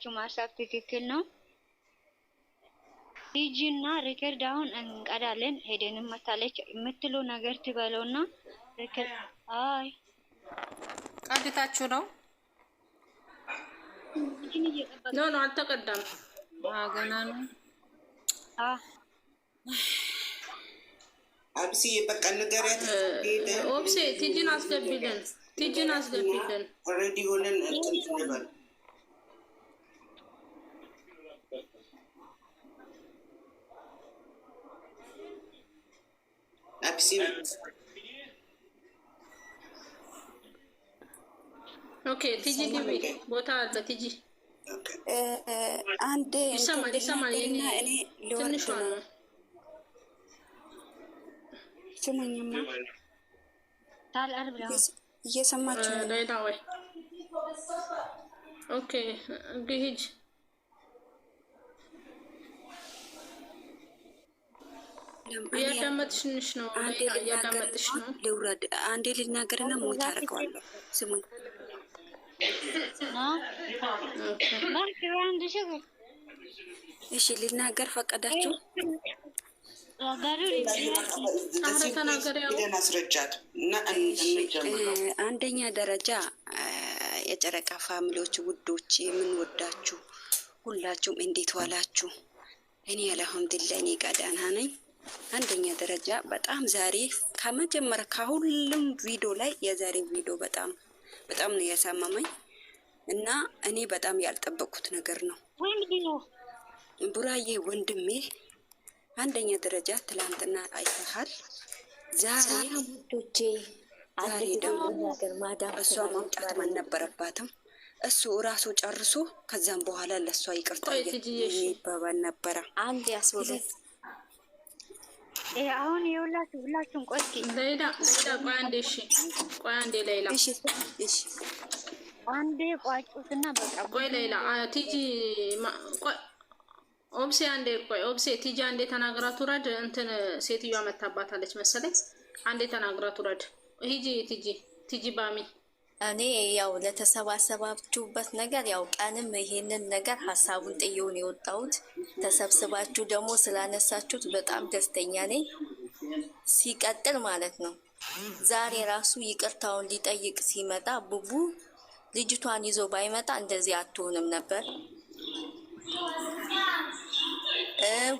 ያላችሁ ማሳብ ትክክል ነው። ዲጂ እና ሪከርድ አሁን እንቀዳለን ሄደን መታለች የምትሉ ነገር ትበለውና ሪከርድ አይ ቀድታችሁ ነው ኖ ኖ አልተቀዳም። ገና ነው። አብሲ በቃ ንገሪያት። ኦብሴ ቲጂን አስገቢልን፣ ቲጂን አስገቢልን ኦልሬዲ ሆነን እንትን አቢሲኒት ኦኬ ቲጂ ግቢ ቦታ አለ። ቲጂ አንዴ ይሰማል ይሰማል። እኔ ትንሽ ነው ስሙኝማ። እየሰማችሁ ሌላ ወይ ኦኬ ሂጅ እያዳመጥሽ ነው። አንዴ ልናገርና ሞት አደርገዋለሁ። ስሙኝ እሺ፣ ልናገር ፈቀዳችሁ? አንደኛ ደረጃ የጨረቃ ፋሚሊዎች ውዶች፣ የምንወዳችሁ ሁላችሁም እንዴት ዋላችሁ? እኔ አልሐምዱሊላህ እኔ ጋር ደህና ነኝ። አንደኛ ደረጃ በጣም ዛሬ ከመጀመሪያ ከሁሉም ቪዲዮ ላይ የዛሬ ቪዲዮ በጣም በጣም ነው ያሳመመኝ እና እኔ በጣም ያልጠበቅኩት ነገር ነው። ቡራዬ ወንድሜ አንደኛ ደረጃ ትላንትና አይተሃል። ዛሬ ዛሬ ደግሞ እሷ ማምጣት አልነበረባትም። እሱ እራሱ ጨርሶ ከዛም በኋላ ለእሷ ይቅርታ ይባባል ነበረ። አሁን የሁላችሁ ሁላችሁም ቆይ ሌላ ቆይ አንዴ እሺ፣ ቆይ አንዴ ሌላ እሺ፣ እሺ አንዴ ቋጩትና በቃ ቆይ ሌላ ቲጂ ቆይ ኦብሴ አንዴ ቆይ ኦብሴ ቲጂ አንዴ ተናግራት ውረድ። እንትን ሴትዮዋ መታባታለች መሰለኝ። አንዴ ተናግራት ውረድ። ሂጂ ቲጂ ቲጂ ባሚ እኔ ያው ለተሰባሰባችሁበት ነገር ያው ቀንም ይሄንን ነገር ሀሳቡን ጥየውን የወጣሁት ተሰብስባችሁ ደግሞ ስላነሳችሁት በጣም ደስተኛ ነኝ። ሲቀጥል ማለት ነው ዛሬ ራሱ ይቅርታውን ሊጠይቅ ሲመጣ ቡቡ ልጅቷን ይዞ ባይመጣ እንደዚህ አትሆንም ነበር።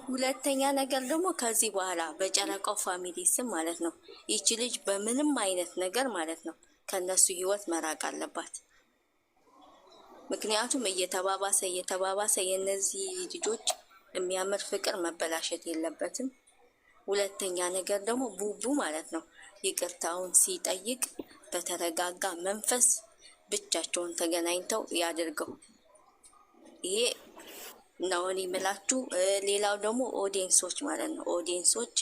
ሁለተኛ ነገር ደግሞ ከዚህ በኋላ በጨረቃው ፋሚሊ ስም ማለት ነው ይቺ ልጅ በምንም አይነት ነገር ማለት ነው ከነሱ ህይወት መራቅ አለባት። ምክንያቱም እየተባባሰ እየተባባሰ የእነዚህ ልጆች የሚያምር ፍቅር መበላሸት የለበትም። ሁለተኛ ነገር ደግሞ ቡቡ ማለት ነው ይቅርታውን ሲጠይቅ በተረጋጋ መንፈስ ብቻቸውን ተገናኝተው ያድርገው። ይሄ ነው እኔ የምላችሁ። ሌላው ደግሞ ኦዲየንሶች ማለት ነው ኦዲየንሶች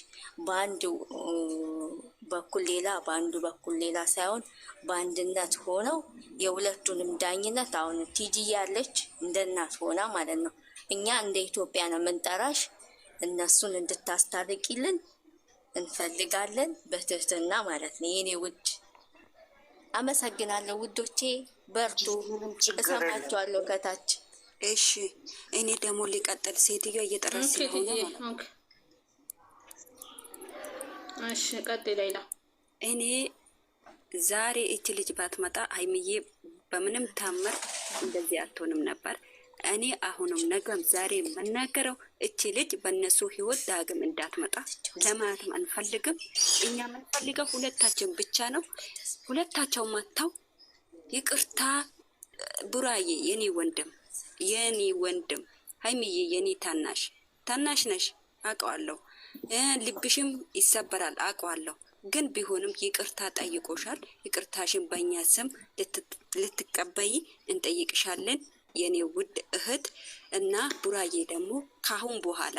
በአንድ በኩል ሌላ በአንዱ በኩል ሌላ ሳይሆን በአንድነት ሆነው የሁለቱንም ዳኝነት አሁን ቲጂ ያለች እንደ እናት ሆና ማለት ነው። እኛ እንደ ኢትዮጵያ ነው የምንጠራሽ። እነሱን እንድታስታርቂልን እንፈልጋለን በትህትና ማለት ነው። የኔ ውድ አመሰግናለሁ። ውዶቼ በርቱ፣ እሰማችኋለሁ ከታች። እሺ እኔ ደግሞ ሊቀጥል ሴትዮ እየጠራች ስለሆነ እሺ ሌላ እኔ ዛሬ እች ልጅ ባትመጣ ሀይሚዬ በምንም ታምር እንደዚህ አትሆንም ነበር። እኔ አሁንም ነገም ዛሬ የምናገረው እቺ ልጅ በእነሱ ህይወት ዳግም እንዳትመጣ ለማለትም አንፈልግም። እኛ የምንፈልገው ሁለታችን ብቻ ነው። ሁለታቸው መጥተው ይቅርታ ቡራዬ፣ የኔ ወንድም የኔ ወንድም ሀይሚዬ፣ የኔ ታናሽ ታናሽ ነሽ አውቀዋለሁ ልብሽም ይሰበራል አውቀዋለሁ። ግን ቢሆንም ይቅርታ ጠይቆሻል። ይቅርታሽን በእኛ ስም ልትቀበይ እንጠይቅሻለን የኔ ውድ እህት እና ቡራዬ ደግሞ ካሁን በኋላ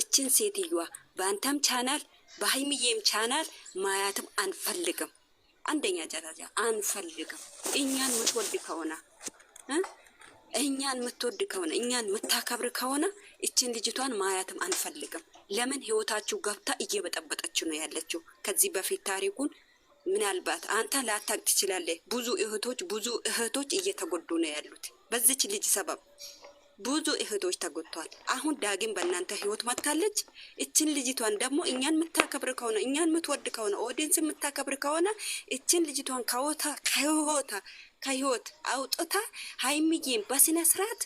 እችን ሴትዮዋ በአንተም ቻናል በሀይሚዬም ቻናል ማያትም አንፈልግም። አንደኛ ደረጃ አንፈልግም። እኛን ምትወድ ከሆነ እኛን ምትወድ ከሆነ እኛን ምታከብር ከሆነ እችን ልጅቷን ማያትም አንፈልግም። ለምን ህይወታችሁ ገብታ እየበጠበጠችው ነው ያለችው? ከዚህ በፊት ታሪኩን ምናልባት አንተ ላታቅ ትችላለህ። ብዙ እህቶች ብዙ እህቶች እየተጎዱ ነው ያሉት በዚች ልጅ ሰበብ ብዙ እህቶች ተጎድተዋል። አሁን ዳግም በእናንተ ህይወት መጥታለች። እችን ልጅቷን ደግሞ እኛን የምታከብር ከሆነ እኛን የምትወድ ከሆነ ኦዲንስ የምታከብር ከሆነ እችን ልጅቷን ከወታ ከህይወታ ከህይወት አውጥታ ሀይሚዬን በስነ ስርዓት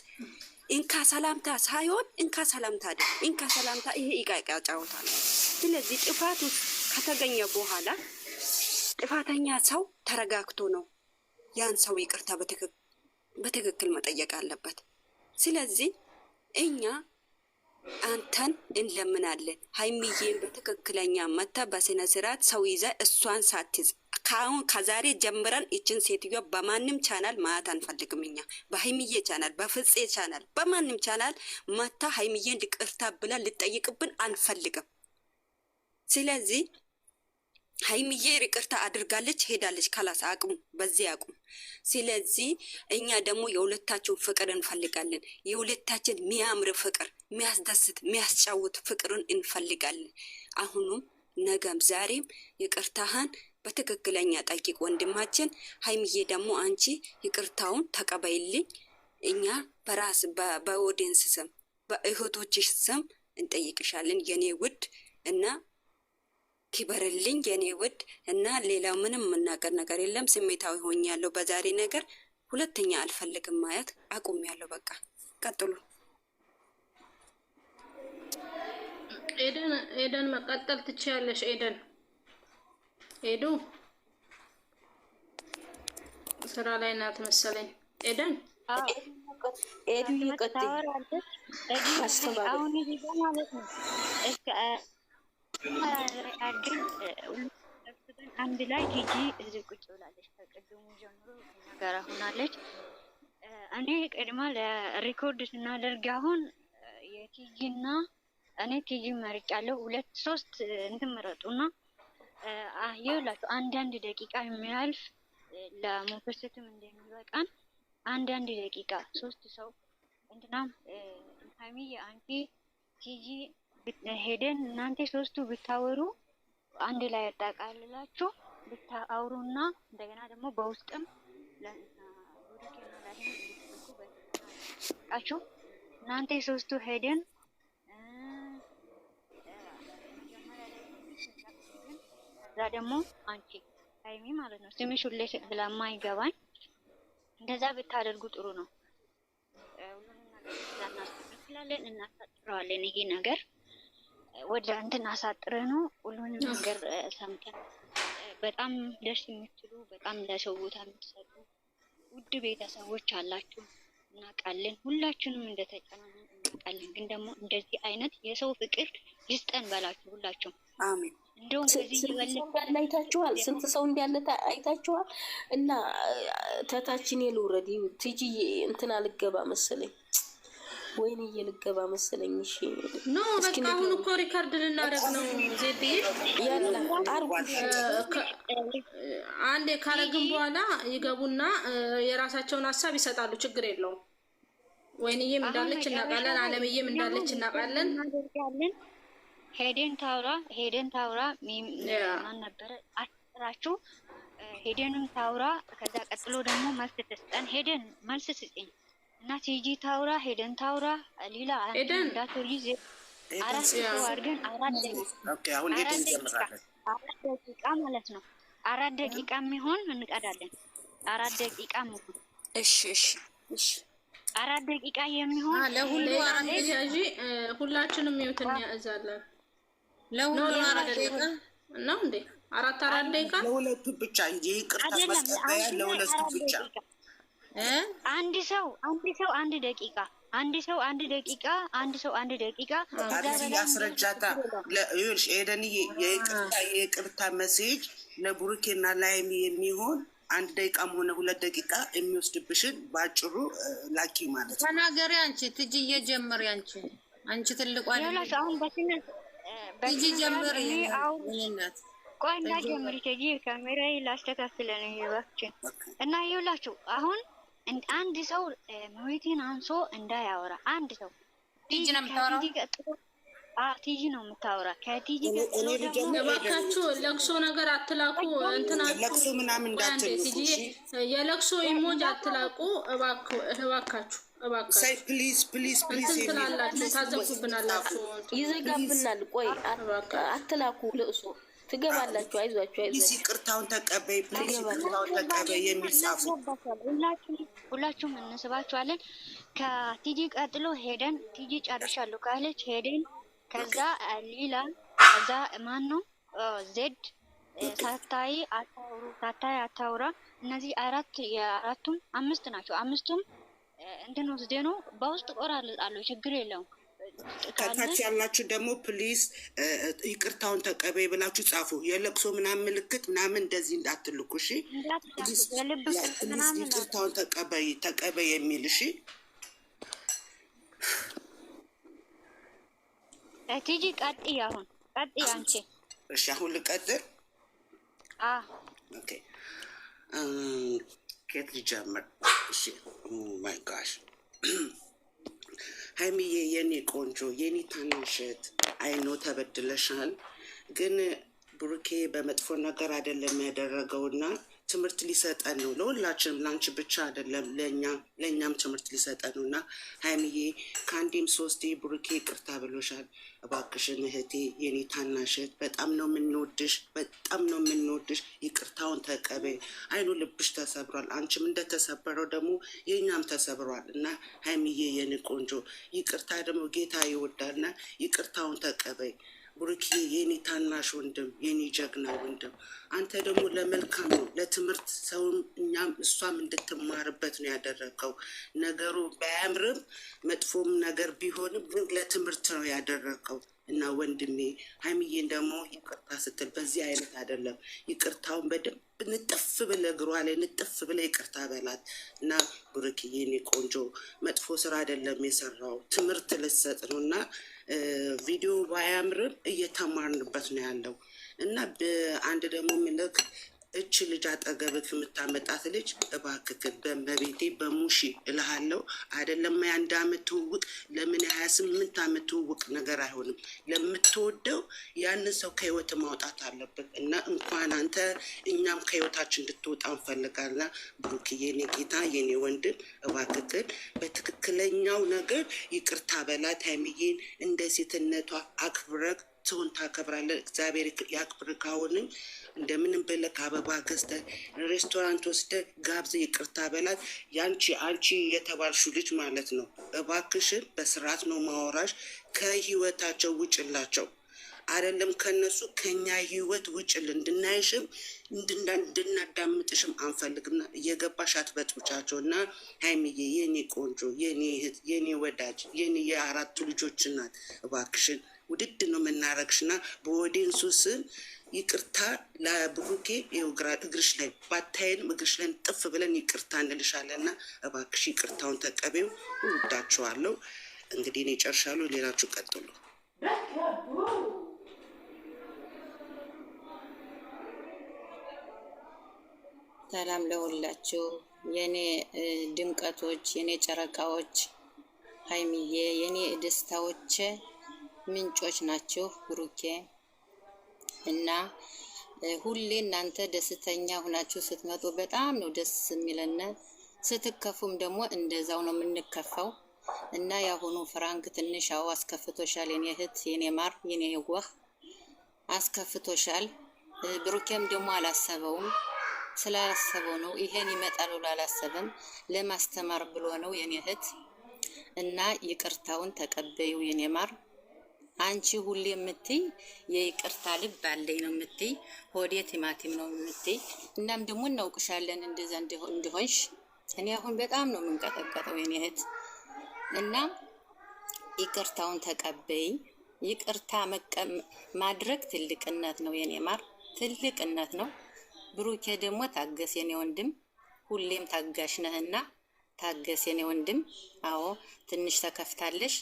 እንካ ሰላምታ ሳይሆን እንካ ሰላምታ ደ እንካ ሰላምታ ይሄ ይቃቃ ጫወታ ነው። ስለዚህ ጥፋቱ ከተገኘ በኋላ ጥፋተኛ ሰው ተረጋግቶ ነው ያን ሰው ይቅርታ በትክክል መጠየቅ አለበት። ስለዚህ እኛ አንተን እንለምናለን ሀይሚዬን በትክክለኛ መታ በስነ ስርዓት ሰው ይዘ እሷን ሳትይዝ ከአሁን ከዛሬ ጀምረን እችን ሴትዮ በማንም ቻናል ማየት አንፈልግም። እኛ በሀይሚዬ ቻናል፣ በፍፄ ቻናል፣ በማንም ቻናል ማታ ሀይሚዬን ይቅርታ ብላ ልጠይቅብን አንፈልግም። ስለዚህ ሀይሚዬ ይቅርታ አድርጋለች፣ ሄዳለች። ካላስ አቅሙ በዚህ አቁም። ስለዚህ እኛ ደግሞ የሁለታችሁን ፍቅር እንፈልጋለን። የሁለታችን ሚያምር ፍቅር፣ ሚያስደስት ሚያስጫውት ፍቅርን እንፈልጋለን። አሁኑም ነገም ዛሬም ይቅርታህን በትክክለኛ ጠይቅ ወንድማችን። ሀይምዬ ደግሞ አንቺ ይቅርታውን ተቀበይልኝ። እኛ በራስ በኦዲንስ ስም በእህቶችሽ ስም እንጠይቅሻለን የኔ ውድ እና ኪበርልኝ የኔ ውድ እና ሌላው ምንም የምናገር ነገር የለም። ስሜታዊ ሆኛለሁ በዛሬ ነገር። ሁለተኛ አልፈልግም ማየት አቁሜያለሁ። በቃ ቀጥሉ። ኤደን መቀጠል ትችያለሽ ኤደን ሄዱ ስራ ላይ ናት መሰለኝ። ኤደን ኤዱ ይቀጥል አንድ ላይ ጂጂ እዚህ ቁጭ ብላለች። ከቅድሙ ጀምሮ ነገር ሆናለች። እኔ ቅድማ ለሪኮርድ ስናደርግ አሁን የቲጂ እና እኔ ቲጂ መርጫለሁ። ሁለት ሶስት እንትን መረጡና ይኸውላችሁ አንዳንድ ደቂቃ የሚያልፍ ለሞተር ስትም እንደሚበቃን አንዳንድ ደቂቃ ሶስት ሰው እንትና ሀሚ አንቺ ጂጂ ሄደን እናንተ ሶስቱ ብታወሩ አንድ ላይ ያጣቃልላችሁ ብታወሩና እንደገና ደግሞ በውስጥም ለሁሉም እናንተ ሶስቱ ሄደን እዛ ደግሞ አንቺ ሀይሚ ማለት ነው ስምሽ ሁሌ ብላ ማይገባኝ እንደዛ ብታደርጉ ጥሩ ነው። ሁሉንም እናሳጥረዋለን። ይሄ ነገር ወደ እንትን አሳጥረ ነው ሁሉንም ነገር ሰምተን በጣም ደስ የምትሉ በጣም ለሰው ቦታ የምትሰጡ ውድ ቤተሰቦች አላችሁ፣ እናውቃለን። ሁላችሁንም እንደተጨናነን እናውቃለን። ግን ደግሞ እንደዚህ አይነት የሰው ፍቅር ይስጠን በላችሁ ሁላችሁም አሜን። እንደውም አይታችኋል፣ ስንት ሰው እንዳለ አይታችኋል። እና ተታችን የልውረድ ትጂ እንትና ልገባ መሰለኝ፣ ወይንዬ እየልገባ መሰለኝ። እሺ ኖ በቃ አሁን እኮ ሪካርድ ልናደርግ ነው። ዜድዬ አንዴ ካረግን በኋላ ይገቡና የራሳቸውን ሀሳብ ይሰጣሉ። ችግር የለውም። ወይንዬም እንዳለች እናውቃለን፣ አለምዬም እንዳለች እናውቃለን። ሄደን ታውራ ሄደን ታውራ ማን ነበረ አጥራችሁ ሄደንም ታውራ ከዛ ቀጥሎ ደግሞ መልስ ትስጠን ሄደን መልስ ስጠኝ እና ቲጂ ታውራ ሄደን ታውራ ሌላ ሄደን ዳክተር ይዜ አራት ሰው አድርገን አራት ደቂቃ ማለት ነው። አራት ደቂቃ የሚሆን እንቀዳለን። አራት ደቂቃ የሚሆን እሺ፣ እሺ፣ እሺ አራት ደቂቃ የሚሆን ለሁሉ አራት ያጂ ሁላችንም ይውትን ያዛለን። ለሁሉም አራት ደቂቃ አራት ደቂቃ ለሁለቱ ብቻ ይቅርታ ማስቀበያ ለሁለቱ ብቻ። አንድ ሰው አንድ ሰው አንድ ደቂቃ አንድ ሰው አንድ ደቂቃ አንድ ሰው አንድ ደቂቃ ያስረጃታ። ይኸውልሽ ኤደንዬ የይቅርታ የይቅርታ መሴጅ ለቡሩኬና ላይም የሚሆን አንድ ደቂቃም ሆነ ሁለት ደቂቃ የሚወስድብሽን በአጭሩ ላኪ ማለት ነው። ተናገሪ አንቺ ትጅ እየጀመሪ አንቺ አንቺ ትልቋ አሁን በስነ ልጅ ጀምር ይናት ቆይ ላስተካክለ ነው እና ይውላችሁ አሁን አንድ ሰው አንሶ እንዳያወራ አንድ ሰው ቲጂ ነው ቲጂ ነው የምታወራ። ከቲጂ ለቅሶ ነገር አትላቁ፣ የለቅሶ ኢሞጅ አትላቁ እባካችሁ። ሳይ ፕሊዝ ፕሊዝ ፕሊዝ ትላላችሁ፣ ታዘብኩብናላችሁ፣ ይዘጋብናል። ቆይ አትላኩ፣ ለእሱ ትገባላችሁ። አይዟችሁ፣ አይዟችሁ፣ ይቅርታውን ተቀበይ፣ ፕሊዝ ይቅርታውን ተቀበይ የሚል ጻፉ። ሁላችሁም እንስባችኋለን። ከቲጂ ቀጥሎ ሄደን ቲጂ ጨርሻለሁ ካለች ሄደን፣ ከዛ ሌላ ከዛ ማን ነው ዜድ ሳታይ አታውሩ፣ ሳታይ አታውራ። እነዚህ አራት የአራቱም አምስት ናቸው። አምስቱም እንትን እንድንወስደ ነው። በውስጥ ቆራርጣለሁ፣ ችግር የለውም። ከታች ያላችሁ ደግሞ ፕሊስ ይቅርታውን ተቀበይ ብላችሁ ጻፉ። የለቅሶ ምናምን ምልክት ምናምን እንደዚህ እንዳትልኩ እሺ። ይቅርታውን ተቀበይ ተቀበይ የሚል እሺ። ቲጂ ቀጥይ፣ አሁን ቀጥይ አንቺ። እሺ አሁን ልቀጥል። ኦኬ ከየት ልጀምር? እሺ ማይ ጋሽ ሀይሚዬ የኔ ቆንጆ የኔ ታናሽት አይኖ ተበድለሻል፣ ግን ብሩኬ በመጥፎ ነገር አይደለም ያደረገውና ትምህርት ሊሰጠን ነው ለሁላችንም፣ ላንቺ ብቻ አይደለም ለእኛም ትምህርት ሊሰጠን ነው እና ሀይምዬ ከአንዴም ሶስቴ ብሩኬ ቅርታ ብሎሻል። እባክሽን እህቴ፣ የኔ ታናሽ እህት፣ በጣም ነው የምንወድሽ፣ በጣም ነው የምንወድሽ። ይቅርታውን ተቀበይ። አይኑ ልብሽ ተሰብሯል። አንቺም እንደተሰበረው ደግሞ የእኛም ተሰብሯል እና ሀይምዬ የኔ ቆንጆ፣ ይቅርታ ደግሞ ጌታ ይወዳልና ይቅርታውን ተቀበይ። ቡርኪ የኔ ታናሽ ወንድም የኔ ጀግና ወንድም፣ አንተ ደግሞ ለመልካም ነው ለትምህርት ሰውም እኛም እሷም እንድትማርበት ነው ያደረግከው። ነገሩ ባያምርም መጥፎም ነገር ቢሆንም ግን ለትምህርት ነው ያደረግከው። እና ወንድሜ ሀይሚዬን ደግሞ ይቅርታ ስትል በዚህ አይነት አይደለም። ይቅርታውን በደንብ ንጥፍ ብለ እግሯ ላይ ንጥፍ ብለ ይቅርታ በላት እና ብሩክዬ፣ ቆንጆ መጥፎ ስራ አይደለም የሰራው ትምህርት ልሰጥ ነው እና ቪዲዮ ባያምርም እየተማርንበት ነው ያለው እና አንድ ደግሞ ምልክ እች ልጅ አጠገብህ የምታመጣት ልጅ እባክክን በመቤቴ በሙሺ እልሃለሁ። አይደለም የአንድ አመት ትውውቅ ለምን የሀያ ስምንት አመት ትውውቅ ነገር አይሆንም። ለምትወደው ያንን ሰው ከህይወት ማውጣት አለብን እና እንኳን አንተ እኛም ከህይወታችን እንድትወጣ እንፈልጋለን። ብሩክ የኔ ጌታ፣ የኔ ወንድም እባክክን በትክክለኛው ነገር ይቅርታ በላ ታይምዬን እንደ ሴትነቷ አክብረግ ሰውን ታከብራለን። እግዚአብሔር ያክብር። ካሁንም እንደምንም ብለህ ከአበባ ገዝተ ሬስቶራንት ወስደ ጋብዘ ይቅርታ በላት። ያንቺ አንቺ የተባልሹ ልጅ ማለት ነው። እባክሽን በስርዓት ነው ማወራሽ። ከህይወታቸው ውጭላቸው አይደለም ከነሱ ከኛ ህይወት ውጭል። እንድናይሽም እንድናዳምጥሽም አንፈልግም። እየገባሽ አትበጥብጫቸው። እና ሀይሚዬ የኔ ቆንጆ፣ የኔ እህት፣ የኔ ወዳጅ፣ የኔ የአራቱ ልጆች እናት እባክሽን ውድድ ነው የምናረግሽና በወዴንሱ ስም ይቅርታ ለብሩኬ እግርሽ ላይ ባታይንም እግርሽ ላይ ጥፍ ብለን ይቅርታ እንልሻለና እባክሽ ይቅርታውን ተቀቤው። እወዳችኋለሁ። እንግዲህ እኔ ጨርሻለሁ። ሌላችሁ ቀጥሉ። ሰላም ለሁላችሁ የኔ ድምቀቶች፣ የኔ ጨረቃዎች፣ ሀይሚዬ የኔ ደስታዎቼ ምንጮች ናችሁ ብሩኬ እና ሁሌ እናንተ ደስተኛ ሁናችሁ ስትመጡ በጣም ነው ደስ የሚለን። ስትከፉም ደግሞ እንደዛው ነው የምንከፋው። እና የአሁኑ ፍራንክ ትንሽ አዎ አስከፍቶሻል፣ የኔ እህት፣ የኔ ማር፣ የኔ የዋህ አስከፍቶሻል። ብሩኬም ደግሞ አላሰበውም። ስላላሰበው ነው ይሄን ይመጣል ብሎ አላሰበም። ለማስተማር ብሎ ነው የኔ እህት። እና ይቅርታውን ተቀበዩ የኔ ማር። አንቺ ሁሌ የምትይ የይቅርታ ልብ አለኝ ነው የምትይ፣ ሆዴ ቲማቲም ነው የምትይ። እናም ደግሞ እናውቅሻለን እንደዛ እንደሆንሽ። እኔ አሁን በጣም ነው የምንቀጠቀጠው የኔ እህት እና ይቅርታውን ተቀበይ። ይቅርታ ማድረግ ትልቅነት ነው የኔ ማር፣ ትልቅነት ነው። ብሩኬ ደግሞ ታገስ የኔ ወንድም፣ ሁሌም ታጋሽ ነህና ታገስ የኔ ወንድም። አዎ ትንሽ ተከፍታለሽ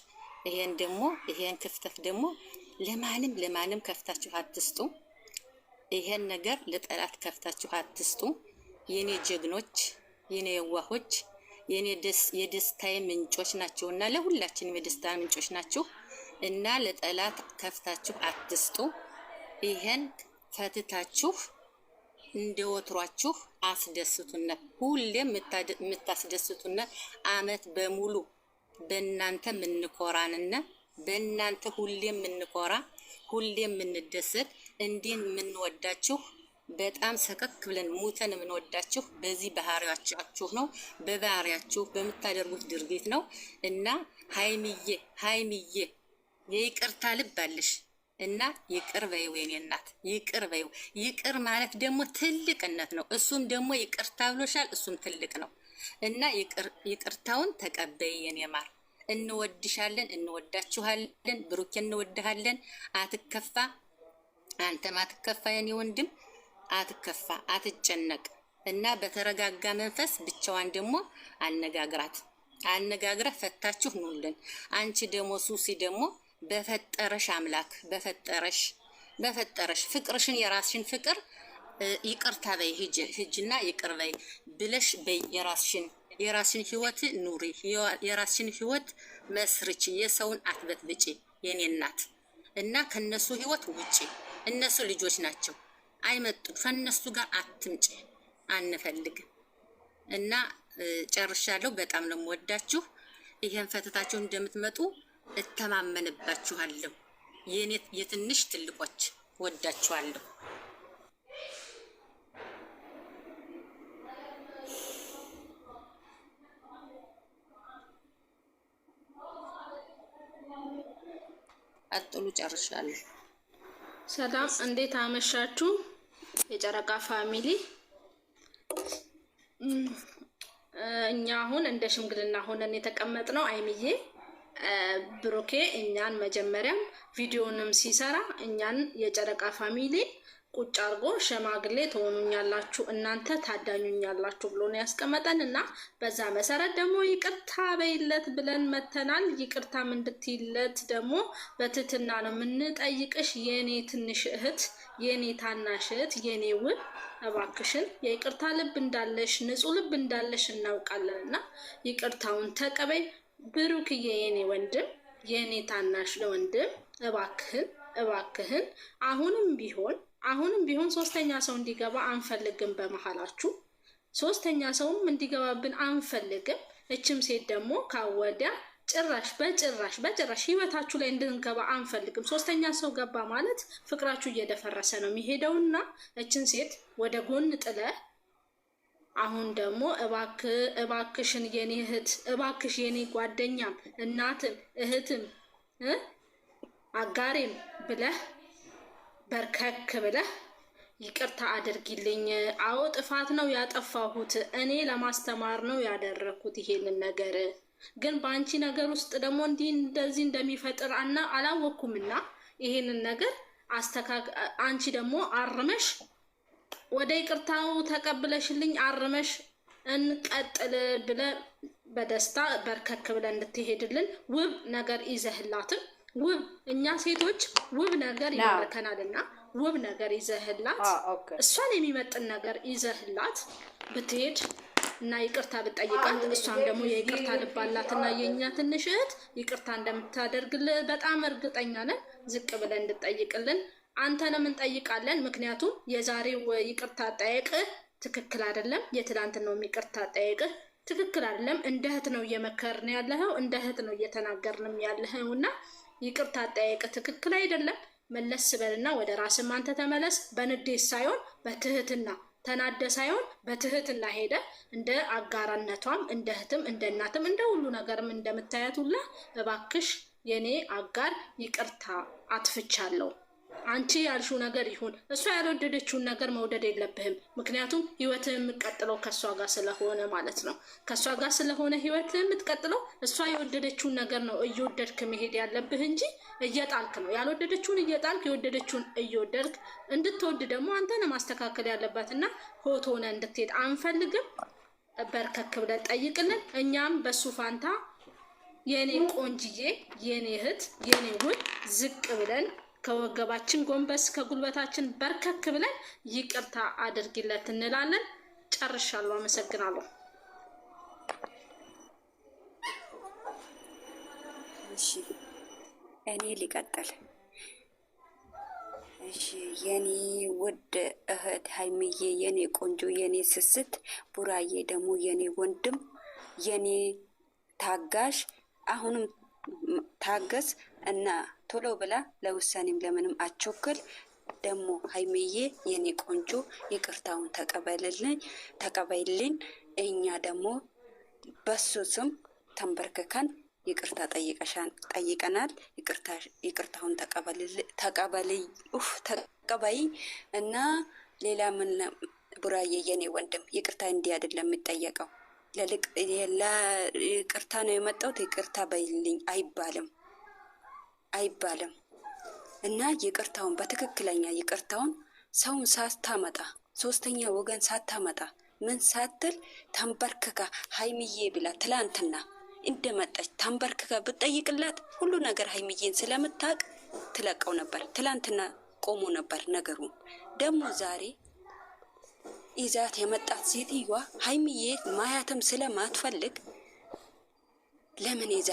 ይሄን ደግሞ ይሄን ክፍተት ደግሞ ለማንም ለማንም ከፍታችሁ አትስጡ። ይሄን ነገር ለጠላት ከፍታችሁ አትስጡ። የኔ ጀግኖች፣ የኔ የዋሆች፣ የኔ የደስታዬ ምንጮች ናችሁና ለሁላችንም የደስታ ምንጮች ናችሁ እና ለጠላት ከፍታችሁ አትስጡ። ይሄን ፈትታችሁ እንደወትሯችሁ ወትሯችሁ አስደስቱነ፣ ሁሌም የምታስደስቱነ አመት በሙሉ በእናንተ ምንኮራንና በእናንተ ሁሌም የምንኮራ ሁሌም የምንደሰት እንዴን የምንወዳችሁ በጣም ሰቀክ ብለን ሙተን የምንወዳችሁ በዚህ ባህሪያችሁ ነው። በባህሪያችሁ በምታደርጉት ድርጊት ነው እና ሀይሚዬ ሀይሚዬ የይቅርታ ልብ አለሽ እና ይቅር በይ ወይኔ እናት ይቅር በይ። ይቅር ማለት ደግሞ ትልቅነት ነው። እሱም ደግሞ ይቅርታ ብሎሻል። እሱም ትልቅ ነው። እና ይቅርታውን ተቀበይ የኔ ማር። እንወድሻለን፣ እንወዳችኋለን። ብሩኬ እንወድሃለን። አትከፋ፣ አንተም አትከፋ፣ የኔ ወንድም አትከፋ፣ አትጨነቅ እና በተረጋጋ መንፈስ ብቻዋን ደግሞ አነጋግራት አነጋግረ ፈታችሁ ኑልን። አንቺ ደግሞ ሱሲ ደግሞ በፈጠረሽ አምላክ በፈጠረሽ በፈጠረሽ ፍቅርሽን የራስሽን ፍቅር ይቅርታ በይ ህጅና ይቅር በይ ብለሽ በይ የራስሽን የራስሽን ህይወት ኑሪ፣ የራስሽን ህይወት መስርች፣ የሰውን አትበት ብጪ የኔ እናት እና ከነሱ ህይወት ውጪ። እነሱ ልጆች ናቸው አይመጡ፣ ከነሱ ጋር አትምጪ፣ አንፈልግም። እና ጨርሻለሁ። በጣም ነው የምወዳችሁ። ይሄን ፈተታችሁ እንደምትመጡ እተማመንባችኋለሁ። የኔ የትንሽ ትልቆች ወዳችኋለሁ። ቀጥሉ። ጨርሻለሁ። ሰላም፣ እንዴት አመሻችሁ የጨረቃ ፋሚሊ? እኛ አሁን እንደ ሽምግልና ሆነን የተቀመጥነው አይምዬ ብሩኬ እኛን መጀመሪያም ቪዲዮንም ሲሰራ እኛን የጨረቃ ፋሚሊ ቁጭ አድርጎ ሸማግሌ ትሆኑኛላችሁ እናንተ ታዳኙኛላችሁ ብሎ ነው ያስቀመጠን እና በዛ መሰረት ደግሞ ይቅርታ በይለት ብለን መተናል። ይቅርታም እንድትይለት ደግሞ በትህትና ነው የምንጠይቅሽ የኔ ትንሽ እህት፣ የኔ ታናሽ እህት፣ የኔ ውብ እባክሽን የይቅርታ ልብ እንዳለሽ ንጹህ ልብ እንዳለሽ እናውቃለን እና ይቅርታውን ተቀበይ። ብሩክዬ የኔ ወንድም፣ የኔ ታናሽ ወንድም እባክህን እባክህን አሁንም ቢሆን አሁንም ቢሆን ሶስተኛ ሰው እንዲገባ አንፈልግም። በመሀላችሁ ሶስተኛ ሰውም እንዲገባብን አንፈልግም። እችም ሴት ደግሞ ካወዳ ጭራሽ በጭራሽ በጭራሽ ህይወታችሁ ላይ እንድንገባ አንፈልግም። ሶስተኛ ሰው ገባ ማለት ፍቅራችሁ እየደፈረሰ ነው የሚሄደውና እችን ሴት ወደ ጎን ጥለ አሁን ደግሞ እባክሽን የኔ እህት እባክሽ የኔ ጓደኛም እናትም እህትም አጋሬም ብለህ በርከክ ብለህ ይቅርታ አድርጊልኝ። አዎ ጥፋት ነው ያጠፋሁት። እኔ ለማስተማር ነው ያደረግኩት ይሄንን ነገር ግን በአንቺ ነገር ውስጥ ደግሞ እንዲህ እንደዚህ እንደሚፈጥር እና አላወቅኩምና ይሄንን ነገር አንቺ ደግሞ አርመሽ ወደ ይቅርታው ተቀብለሽልኝ አርመሽ እንቀጥል ብለ በደስታ በርከክ ብለ እንድትሄድልን ውብ ነገር ይዘህላትም ውብ እኛ ሴቶች ውብ ነገር ይመርከናል እና ውብ ነገር ይዘህላት እሷን የሚመጥን ነገር ይዘህላት ብትሄድ እና ይቅርታ ብጠይቃት እሷም ደግሞ የይቅርታ ልባላት አላት እና የእኛ ትንሽ እህት ይቅርታ እንደምታደርግልህ በጣም እርግጠኛ ነን። ዝቅ ብለን እንድጠይቅልን አንተንም እንጠይቃለን። ምክንያቱም የዛሬው ይቅርታ ጠየቅህ ትክክል አይደለም። የትላንትናው ይቅርታ ጠየቅህ ትክክል አይደለም። እንደ እህት ነው እየመከርን ያለኸው፣ እንደ እህት ነው እየተናገርንም ያለኸው እና ይቅርታ አጠያየቅ ትክክል አይደለም። መለስ ስበልና ወደ ራስም አንተ ተመለስ። በንዴት ሳይሆን በትህትና ተናደ ሳይሆን በትህትና ሄደ። እንደ አጋራነቷም እንደ እህትም እንደ እናትም እንደ ሁሉ ነገርም እንደምታያት ሁላ እባክሽ የኔ አጋር ይቅርታ አጥፍቻለሁ አንቺ ያልሽው ነገር ይሁን። እሷ ያልወደደችውን ነገር መውደድ የለብህም። ምክንያቱም ህይወትህ የምትቀጥለው ከእሷ ጋር ስለሆነ ማለት ነው። ከእሷ ጋር ስለሆነ ህይወትህ የምትቀጥለው እሷ የወደደችውን ነገር ነው እየወደድክ መሄድ ያለብህ እንጂ እየጣልክ ነው። ያልወደደችውን እየጣልክ የወደደችውን እየወደድክ እንድትወድ ደግሞ አንተን ማስተካከል ያለባት እና ሆት ሆነ እንድትሄድ አንፈልግም። በርከክ ብለን ጠይቅልን። እኛም በሱ ፋንታ የኔ ቆንጅዬ፣ የኔ እህት፣ የኔ ውድ ዝቅ ብለን ከወገባችን ጎንበስ ከጉልበታችን በርከክ ብለን ይቅርታ አድርጊለት እንላለን። ጨርሻለሁ። አመሰግናለሁ። እሺ እኔ ሊቀጥል እሺ የኔ ውድ እህት ሀይምዬ የኔ ቆንጆ፣ የኔ ስስት ቡራዬ፣ ደግሞ የኔ ወንድም፣ የኔ ታጋሽ አሁንም ታገስ። እና ቶሎ ብላ ለውሳኔም ለምንም አትቸኩል። ደግሞ ሀይሚዬ የኔ ቆንጆ ይቅርታውን ተቀበልልኝ ተቀበልልኝ። እኛ ደግሞ በሱ ስም ተንበርክከን ይቅርታ ጠይቀናል። ይቅርታውን ተቀበይ እና ሌላ ምን ቡራዬ፣ የኔ ወንድም ይቅርታ እንዲህ አይደለም የሚጠየቀው። ይቅርታ ነው የመጣሁት ይቅርታ በይልኝ አይባልም። አይባልም እና ይቅርታውን በትክክለኛ ይቅርታውን ሰውን ሳታመጣ ሶስተኛ ወገን ሳታመጣ ምን ሳትል ተንበርክካ ሀይሚዬ ብላ ትላንትና እንደመጣች ተንበርክካ ብጠይቅላት ሁሉ ነገር ሀይሚዬን ስለምታቅ ትለቀው ነበር። ትላንትና ቆሞ ነበር ነገሩ። ደግሞ ዛሬ ይዛት የመጣት ሴትዮዋ ሀይሚዬ ማያትም ስለማትፈልግ ለምን ይዛ